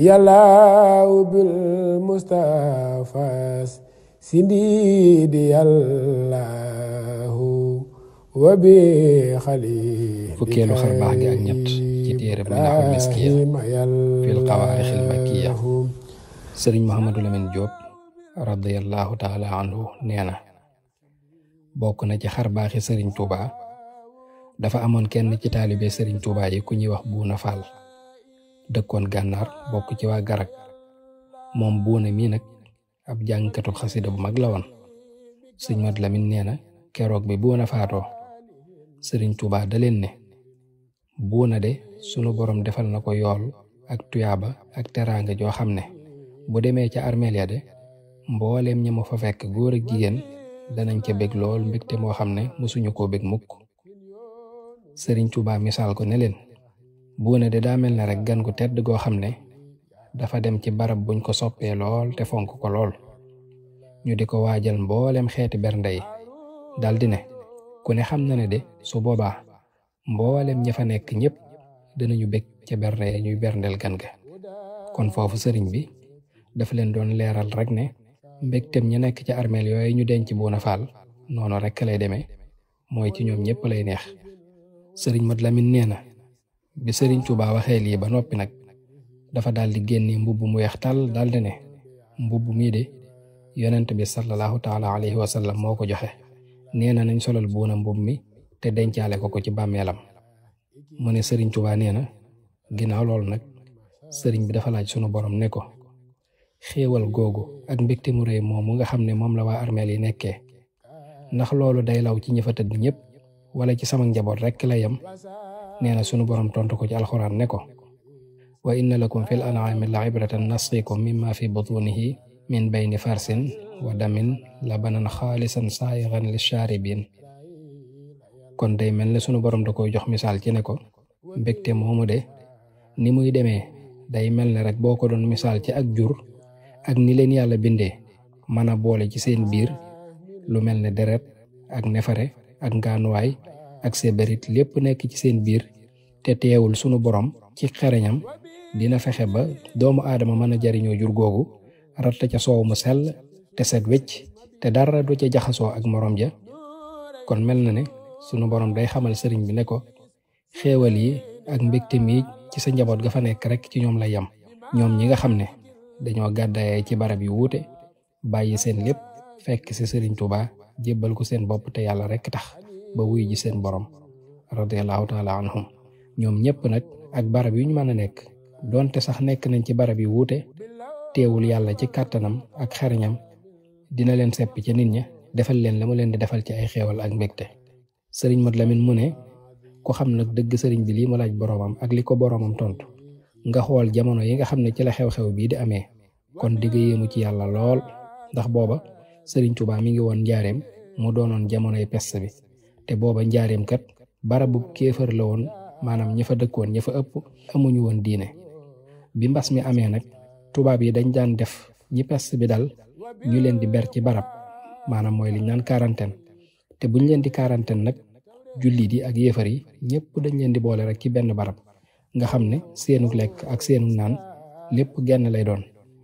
يا الله بالمصطفى سيدي الله وبي خليل فكيلو خرباح كتير بناء المسكية في القوارخ المكية سرين محمد لمن جوب رضي الله تعالى عنه نينا بوكو نتي ci xarbaaxi Serigne Touba dafa amoon kenn ci taalibe Serigne Touba yi ku ñuy wax Buuna Fall dëkkoon gànnaar bokk ci waa garag moom buune mii nag ab jàngkatu xasida bu mag la woon sëñ Mat Lamin nee na keroog bi buuna faatoo sëriñ Tuubaa da leen ne buuna de sunu borom defal na ko yool ak tuyaaba ak teraanga joo xam ne bu demee ca armeel ya de mbooleem ña fa fekk góor ak jigéen danañ ca bég lool mbégte moo xam ne mësuñu koo bég mukk sëriñ Tuubaa misaal ko ne leen buune de daa mel na rek gan gu tedd goo xam ne dafa dem ci barab buñ ko soppee lool te fonk ko lool ñu di ko waajal mboolem xeeti bernde yi dal ne ku ne xam na ne de su boobaa mboolem ña fa nekk ñëpp dinañu bég ca bernde ya ñuy berndeel gan ga kon foofu sëriñ bi dafa leen doon leeral rek ne mbégtem ñu nekk ca armeel yooyu ñu denc Bouna Fall noonu rek lay demee mooy ci ñoom ñëpp lay neex sëriñ Mat Lamin nee na bi Serigne Touba waxee lii ba noppi nag dafa daal di génne mbubb mu weex tàll daal di ne mbubb mii de yonent bi sallallahu taala alayhi wa moo ko joxe nee nañ solal buuna mbubb mi te dencaale ko ko ci bàmmeelam mu ne sëriñ Touba nee na ginnaaw loolu nag sëriñ bi dafa laaj sunu borom ne ko xéewal googu ak mbégte mu rëy mu nga xam ne moom la waa armeel yi nekkee ndax loolu day law ci ñi fa tëdd ci sama njaboot rekk la yem nee na sunu borom tontu ko ci alxuraan ne ko wa inna lakum fil an'ami la ibratan nasqikum mimma fi butunihi min bayni farsin wa damin labanan xaalisan saayigan lishaaribin kon day mel ne sunu borom da koy jox misaal ci ne ko mbégte moomu de ni muy demee day mel ne rek boo ko doon misaal ci ak jur ak ni leen yàlla bindee mën a boole ci seen biir lu mel ne deret ak nefare ak ngaanuwaay ak sébarit lépp nekk ci seen biir te teewul sunu borom ci xereñam dina fexe ba doomu aadama mën a jariñoo jur googu ratta ca soow mu sell te set wecc te dara du ca jaxasoo ak morom ja kon mel na ne sunu borom day xamal sëriñ bi ne ko xéewal yi ak mbégte mi ci sa njaboot ga fa nekk rek ci ñoom la yam ñoom ñi nga xam ne dañoo gàddaayee ci barab yu wuute bàyyi seen lépp fekk si sëriñ Tuubaa jébbal ko seen bopp te yàlla rek tax ba wuy ji seen borom radiallahu taala anhum ñoom ñëpp nag ak barab yu ñu mën a nekk donte sax nekk nañ ci barab yi wuute teewul yàlla ci kàttanam ak xarañam dina leen sepp ci nit ña defal leen la mu leen di defal ci ay xéewal ak mbégte sëriñ Mat Lamin mu ne ku xam nag dëgg sëriñ bi lii ma laaj boroomam ak li ko boroomam tontu nga xool jamono yi nga xam ne ci la xew-xew bii di amee kon digg yéemu ci yàlla lool ndax booba sëriñ Tuubaa mi ngi woon njaareem mu doonoon jamonoy peste bi te booba njaareem kat barabu kéefër la woon maanaam ña fa dëkkoon ña fa ëpp amuñu woon diine bi mbas mi amee nag tubaab yi dañ daan def ñi peste bi dal ñu leen di ber ci barab maanaam mooy liñ naan quarantaine te buñ leen di quarantaine nag jullit yi ak yéefar yi ñëpp dañ leen di boole rek ci benn barab nga xam ne seenu lekk ak seenu naan lépp genn lay doon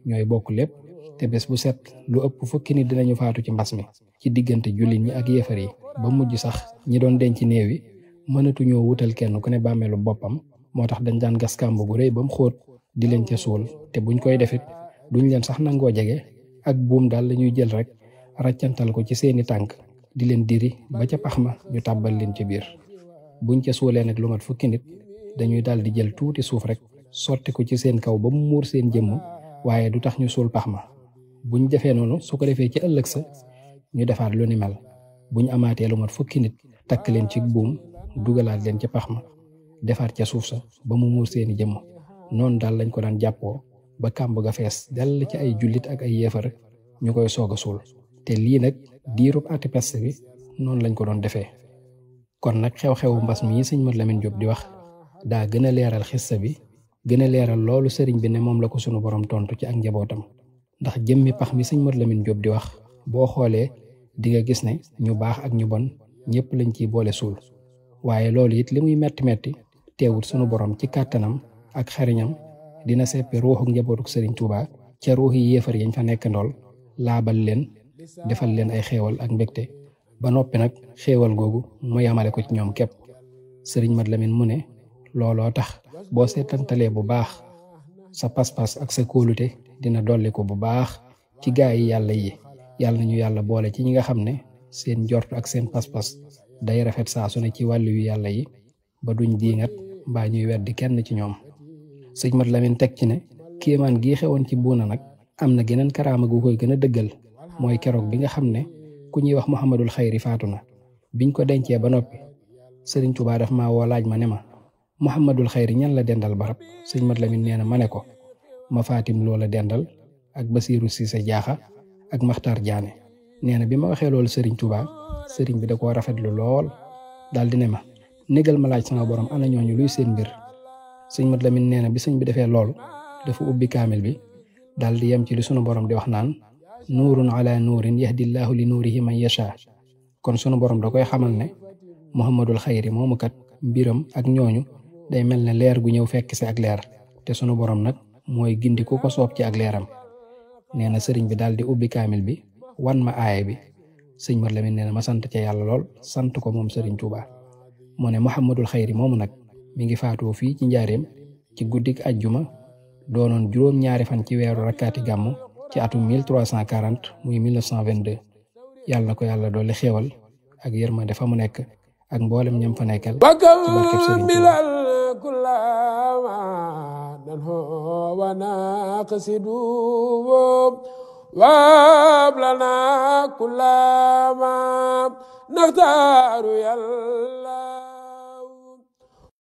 ñooy bokk lépp te bes bu set lu ëpp fukki nit dinañu faatu ci mbas mi ci diggante jullit ñi ak yéefar yi ba mujj sax ñi doon denc neewi mënatu ñoo wutal kenn ku ne bàmmeelu boppam moo dañ daan gas bu gu rëy ba mu xóot di leen ca suul te buñ koy defit duñ leen sax nangoo jege ak buum daal lañuy jël rek raccantal ko ci seeni tànk di leen diri ba ca pax ma ñu tàbbal leen ci biir buñ ca suulee nag lu mat fukki nit dañuy daal di jël tuuti suuf rek sotti ko ci seen kaw ba mu muur seen jëmm waaye du tax ñu suul pax buñ defee noonu su ko defee ci ëllëg sa ñu defaat lu ni mel buñ amaatee lu mat fukki nit takk leen ci buum dugalaat leen non pax ma defaat ca suuf sa ba mu muur seeni jëmm noonu daal lañ ko daan jàppoo ba kàmb ga fees dell ci ay jullit ak ay yeefar ñu koy soog a suul te lii nag diirub antipeste bi noonu lañ ko doon defee kon nag xew-xewu mbas mi sëñ Mat Lamin Jóob di wax daa gën a leeral xissa bi gën a leeral loolu sëriñ bi ne moom la ko sunu borom tontu ci ak njabootam ndax jëmmi pax mi señ Mor Lamine Diop di wax boo xoolee di nga gis ne ñu baax ak ñu bon ñëpp lañ ciy boole suul waaye loolu it li muy metti metti teewul sunu borom ci kàttanam ak xariñam dina seppi ruuxu njabootuk Serigne Touba ca ruux yi yéefar yañ fa nekk ndool laabal leen defal leen ay xéewal ak mbégte ba noppi nag xéewal googu mu yamale ko ci ñoom képp Serigne Mor Lamine mu ne looloo tax boo seetantalee bu baax sa pas-pas ak sa kóolute dina dolli ko bu baax ci gaa yi yàlla yi yàlla nañu yàlla boole ci ñi nga xam ne seen jort ak seen pas-pas day rafet saa su ne ci wàllu yu yàlla yi ba duñ diingat mbaa ñuy wer di kenn ci ñoom sëñ Mat Lamin teg ci ne kéemaan gii xewoon ci buuna nag am na geneen karaama gu koy gën a dëggal mooy keroog bi nga xam ne ku ñuy wax Muhammadul Xayri faatu na biñ ko dencee ba noppi sëriñ Tuubaa daf maa woo laaj ma ne ma Muhammadul Xayri ñan la dendal barab sëñ Mat Lamin nee na ma ne ko Mafatim loola dendal ak Basiiru Sise Jaaxa ak Maxtaar Jaane nee na bi ma waxee loolu sëriñ Tuubaa sëriñ bi da koo rafetlu lool daal di ne ma négal ma laaj sama borom ana ñooñu luy seen mbir sëñ Mat Lamin nee na bi sëñ bi defee loolu dafa ubbi kaamil bi daal di yem ci li sunu borom di wax naan nuurun ala nuurin yahdillaahu li nuurihi man yashaa kon sunu borom da koy xamal ne muhammadul xayri moomu kat mbiram ak ñooñu day mel ne leer gu ñëw fekk si ak leer te sunu borom nag mooy gindi ku ko soob ci ak leeram nee sëriñ bi daal di ubbi kaamil bi wan ma aaya bi sëñ Mor Lamine nee na ma sant ca yàlla lool sant ko moom sëriñ Touba moo ne Mouhamadul Xayri moomu nag mi ngi faatoo fii ci njaareem ci guddik ajjuma noon juróom-ñaari fan ci weeru rakkaati gàmmu ci atum 1340 muy 1922 yàlla na ko yàlla doole xéewal ak yërmande fa mu nekk ak mbooleem ñam fa nekkal ci barkeb sëriñ ونقصد وهب لنا كل ما نختار يلا